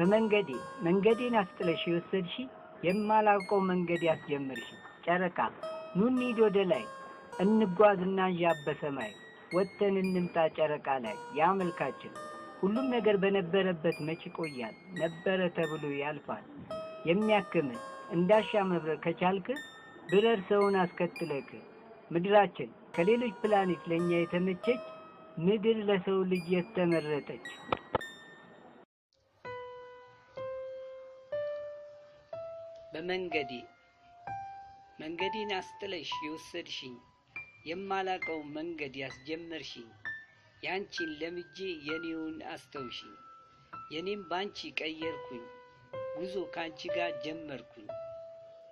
በመንገዴ መንገዴን አስጥለሽ የወሰድሽ የማላውቀው መንገድ ያስጀምርሽ ጨረቃ ኑኒድ ወደ ላይ እንጓዝና አንዣብ በሰማይ ወጥተን እንምጣ ጨረቃ ላይ ያመልካችን ሁሉም ነገር በነበረበት መች ይቆያል ነበረ ተብሎ ያልፋል። የሚያክምን እንዳሻ መብረር ከቻልክ ብረር ሰውን አስከትለክ ምድራችን ከሌሎች ፕላኔት ለእኛ የተመቸች ምድር ለሰው ልጅ የተመረጠች በመንገዴ መንገዴን አስጥለሽ የወሰድሽኝ የማላቀው መንገድ ያስጀመርሽኝ ያንቺን ለምጄ የኔውን አስተውሽኝ የኔም ባንቺ ቀየርኩኝ ጉዞ ካንቺ ጋር ጀመርኩኝ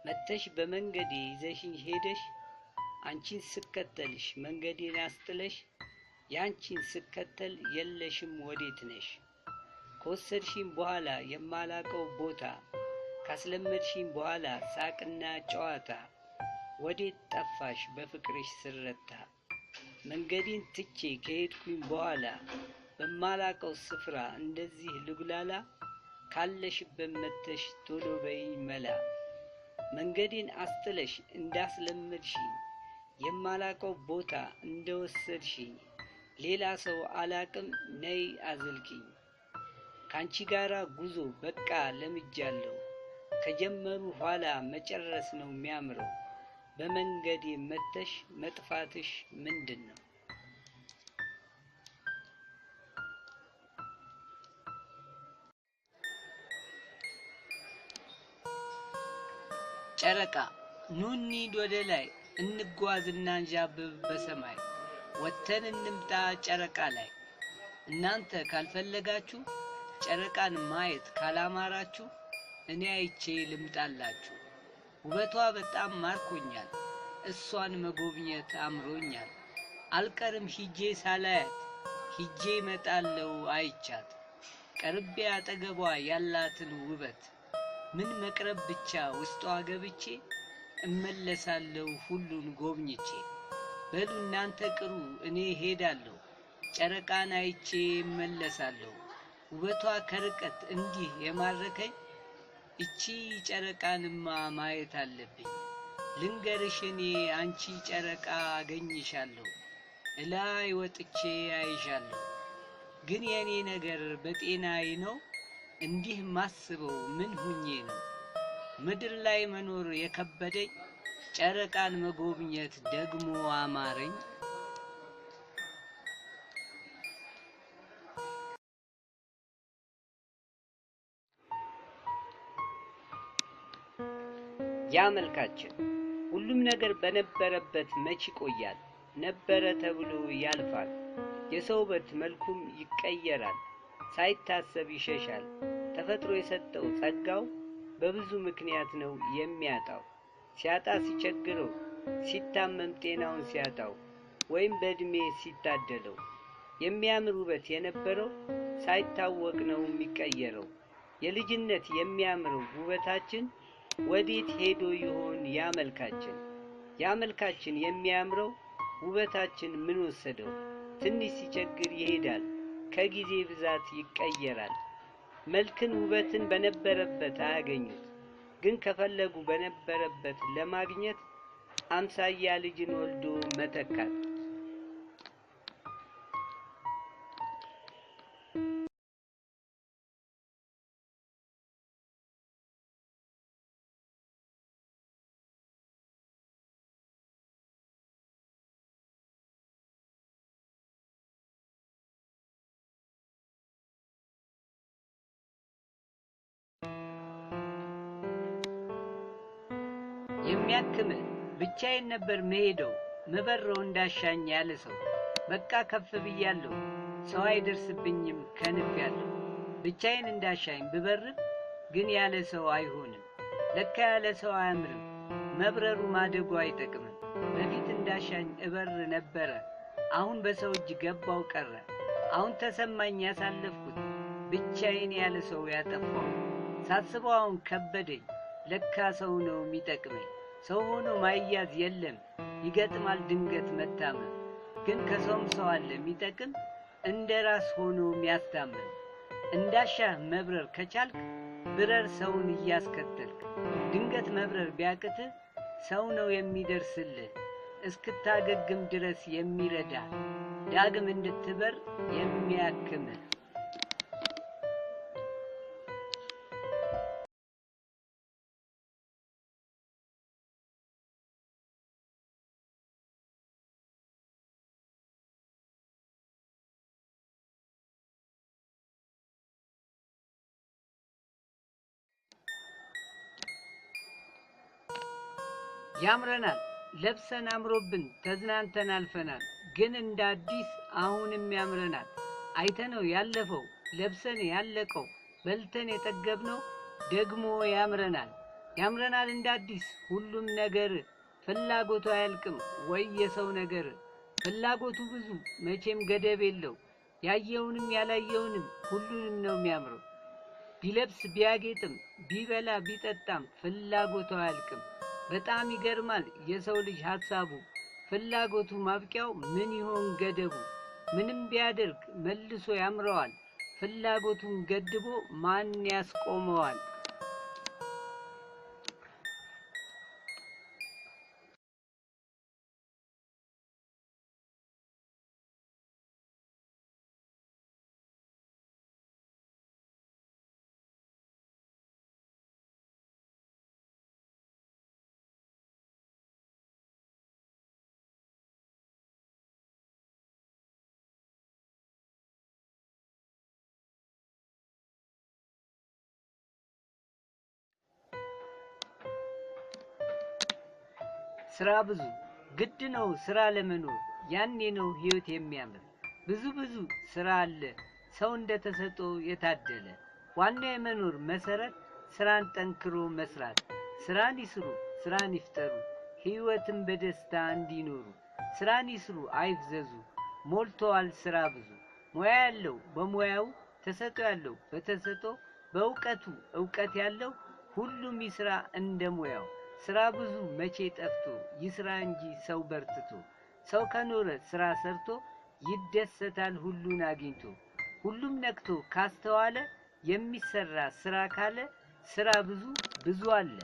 መተሽ በመንገዴ ይዘሽኝ ሄደሽ አንቺን ስከተልሽ መንገዴን አስጥለሽ ያንቺን ስከተል የለሽም ወዴት ነሽ ከወሰድሽኝ በኋላ የማላቀው ቦታ ካስለመድሽኝ በኋላ ሳቅና ጨዋታ ወዴት ጠፋሽ በፍቅርሽ ስረታ መንገዴን ትቼ ከሄድኩኝ በኋላ በማላቀው ስፍራ እንደዚህ ልጉላላ ካለሽበት መተሽ ቶሎ በይኝ መላ መንገዴን አስጥለሽ እንዳስለመድሽኝ የማላቀው ቦታ እንደወሰድሽኝ ሌላ ሰው አላቅም ነይ አዘልቅኝ ካንቺ ጋራ ጉዞ በቃ ለምጃለሁ። ከጀመሩ ኋላ መጨረስ ነው የሚያምረው። በመንገዴ መተሽ መጥፋትሽ ምንድን ነው? ጨረቃ ኑኒድ ወደ ላይ እንጓዝ እናንዣብብ በሰማይ ወጥተን እንምጣ ጨረቃ ላይ እናንተ ካልፈለጋችሁ ጨረቃን ማየት ካላማራችሁ እኔ አይቼ ልምጣላችሁ። ውበቷ በጣም ማርኮኛል፣ እሷን መጎብኘት አምሮኛል። አልቀርም ሂጄ ሳላያት፣ ሂጄ መጣለው አይቻት፣ ቀርቤ አጠገቧ ያላትን ውበት ምን መቅረብ ብቻ ውስጧ ገብቼ እመለሳለሁ ሁሉን ጎብኝቼ። በሉ እናንተ ቅሩ እኔ ሄዳለሁ፣ ጨረቃን አይቼ እመለሳለሁ። ውበቷ ከርቀት እንዲህ የማረከኝ እቺ ጨረቃንማ ማየት አለብኝ። ልንገርሽ እኔ አንቺ ጨረቃ አገኝሻለሁ፣ እላይ ወጥቼ አይሻለሁ። ግን የእኔ ነገር በጤናዬ ነው እንዲህ ማስበው ምን ሁኜ ነው? ምድር ላይ መኖር የከበደኝ ጨረቃን መጎብኘት ደግሞ አማረኝ። ያ መልካችን ሁሉም ነገር በነበረበት መች ይቆያል? ነበረ ተብሎ ያልፋል። የሰው ውበት መልኩም ይቀየራል፣ ሳይታሰብ ይሸሻል። ተፈጥሮ የሰጠው ጸጋው በብዙ ምክንያት ነው የሚያጣው። ሲያጣ ሲቸግረው፣ ሲታመም ጤናውን ሲያጣው፣ ወይም በእድሜ ሲታደለው የሚያምር ውበት የነበረው ሳይታወቅ ነው የሚቀየረው። የልጅነት የሚያምረው ውበታችን ወዴት ሄዶ ይሆን ያመልካችን ያመልካችን የሚያምረው ውበታችን ምን ወሰደው? ትንሽ ሲቸግር ይሄዳል፣ ከጊዜ ብዛት ይቀየራል። መልክን ውበትን በነበረበት አያገኙት፣ ግን ከፈለጉ በነበረበት ለማግኘት አምሳያ ልጅን ወልዶ መተካት የሚያክም ብቻዬን ነበር መሄደው መበረው እንዳሻኝ ያለ ሰው በቃ ከፍ ብያለሁ፣ ሰው አይደርስብኝም ከንፍ ያለሁ ብቻዬን እንዳሻኝ ብበርብ ግን ያለ ሰው አይሆንም። ለካ ያለ ሰው አያምርም፣ መብረሩ ማደጉ አይጠቅምም። በፊት እንዳሻኝ እበር ነበረ፣ አሁን በሰው እጅ ገባው ቀረ። አሁን ተሰማኝ ያሳለፍኩት ብቻዬን ያለ ሰው ያጠፋው ሳስበው አሁን ከበደኝ። ለካ ሰው ነው የሚጠቅመኝ። ሰው ሆኖ ማያዝ የለም ይገጥማል ድንገት መታመም። ግን ከሰውም ሰው አለ የሚጠቅም እንደ ራስ ሆኖ የሚያስታምም። እንዳሻህ መብረር ከቻልክ ብረር ሰውን እያስከተልክ። ድንገት መብረር ቢያቅትህ ሰው ነው የሚደርስልህ እስክታገግም ድረስ የሚረዳ ዳግም እንድትበር የሚያክምህ። ያምረናል ለብሰን አምሮብን ተዝናንተን አልፈናል። ግን እንደ አዲስ አሁንም ያምረናል። አይተነው ያለፈው ለብሰን ያለቀው በልተን የጠገብነው ደግሞ ያምረናል ያምረናል እንደ አዲስ ሁሉም ነገር ፍላጎቱ አያልቅም ወይ የሰው ነገር ፍላጎቱ ብዙ መቼም ገደብ የለው ያየውንም ያላየውንም ሁሉንም ነው የሚያምረው ቢለብስ ቢያጌጥም ቢበላ ቢጠጣም ፍላጎቱ አያልቅም። በጣም ይገርማል የሰው ልጅ ሀሳቡ ፍላጎቱ ማብቂያው ምን ይሆን ገደቡ? ምንም ቢያደርግ መልሶ ያምረዋል። ፍላጎቱን ገድቦ ማን ያስቆመዋል? ስራ ብዙ ግድ ነው ስራ ለመኖር ያኔ ነው ህይወት የሚያምር። ብዙ ብዙ ስራ አለ ሰው እንደተሰጦ የታደለ። ዋና የመኖር መሰረት ስራን ጠንክሮ መስራት። ስራን ይስሩ፣ ስራን ይፍጠሩ፣ ህይወትን በደስታ እንዲኖሩ። ስራን ይስሩ አይፍዘዙ፣ ሞልተዋል ስራ ብዙ። ሙያ ያለው በሙያው ተሰጦ ያለው በተሰጦ በእውቀቱ እውቀት ያለው ሁሉም ይስራ እንደ ሙያው። ስራ ብዙ መቼ ጠፍቶ ይስራ እንጂ ሰው በርትቶ። ሰው ከኖረ ስራ ሰርቶ ይደሰታል ሁሉን አግኝቶ። ሁሉም ነክቶ ካስተዋለ የሚሰራ ስራ ካለ ስራ ብዙ ብዙ አለ።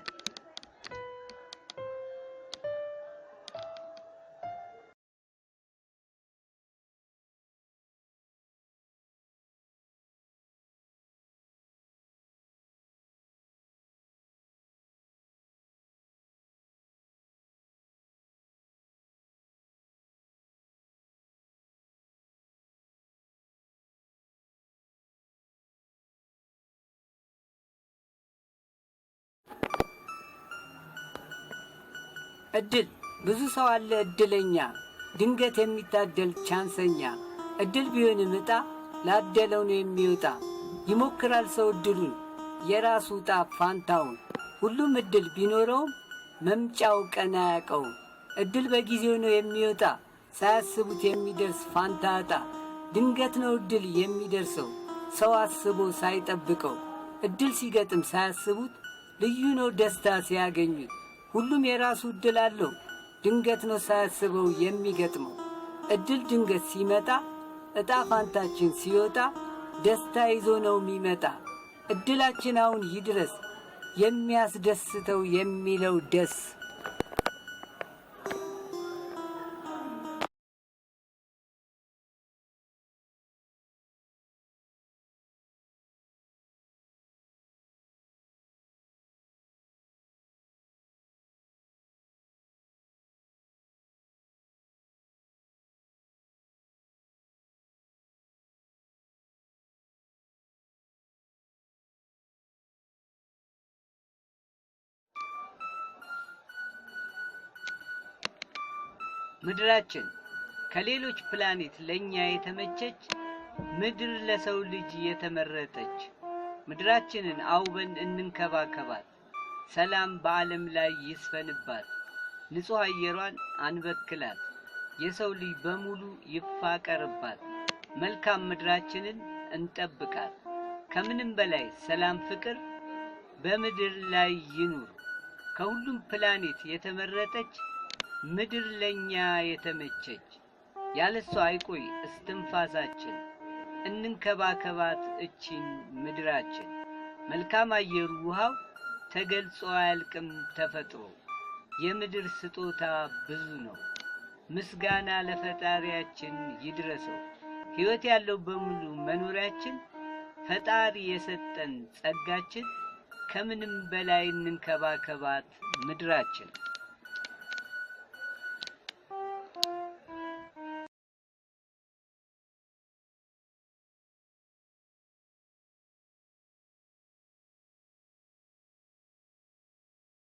እድል ብዙ ሰው አለ እድለኛ፣ ድንገት የሚታደል ቻንሰኛ። እድል ቢሆን ምጣ ላደለው ነው የሚወጣ። ይሞክራል ሰው እድሉን የራሱ ዕጣ ፋንታውን። ሁሉም እድል ቢኖረውም መምጫው ቀን አያውቀውም። እድል በጊዜው ነው የሚወጣ፣ ሳያስቡት የሚደርስ ፋንታ ዕጣ። ድንገት ነው እድል የሚደርሰው፣ ሰው አስቦ ሳይጠብቀው። እድል ሲገጥም ሳያስቡት ልዩ ነው ደስታ ሲያገኙት ሁሉም የራሱ እድል አለው። ድንገት ነው ሳያስበው የሚገጥመው። እድል ድንገት ሲመጣ እጣ ፋንታችን ሲወጣ ደስታ ይዞ ነው የሚመጣ። እድላችን አሁን ይድረስ የሚያስደስተው የሚለው ደስ ምድራችን ከሌሎች ፕላኔት ለእኛ የተመቸች ምድር ለሰው ልጅ የተመረጠች ምድራችንን አውበን እንንከባከባት። ሰላም በዓለም ላይ ይስፈንባት። ንጹሕ አየሯን አንበክላት። የሰው ልጅ በሙሉ ይፋቀርባት። መልካም ምድራችንን እንጠብቃት። ከምንም በላይ ሰላም፣ ፍቅር በምድር ላይ ይኑር። ከሁሉም ፕላኔት የተመረጠች ምድር ለእኛ የተመቸች ያለሷ አይቆይ እስትንፋሳችን። እንንከባከባት እቺን ምድራችን መልካም አየሩ ውሃው ተገልጾ አያልቅም ተፈጥሮ። የምድር ስጦታ ብዙ ነው፣ ምስጋና ለፈጣሪያችን ይድረሰው። ሕይወት ያለው በሙሉ መኖሪያችን ፈጣሪ የሰጠን ጸጋችን፣ ከምንም በላይ እንንከባከባት ምድራችን።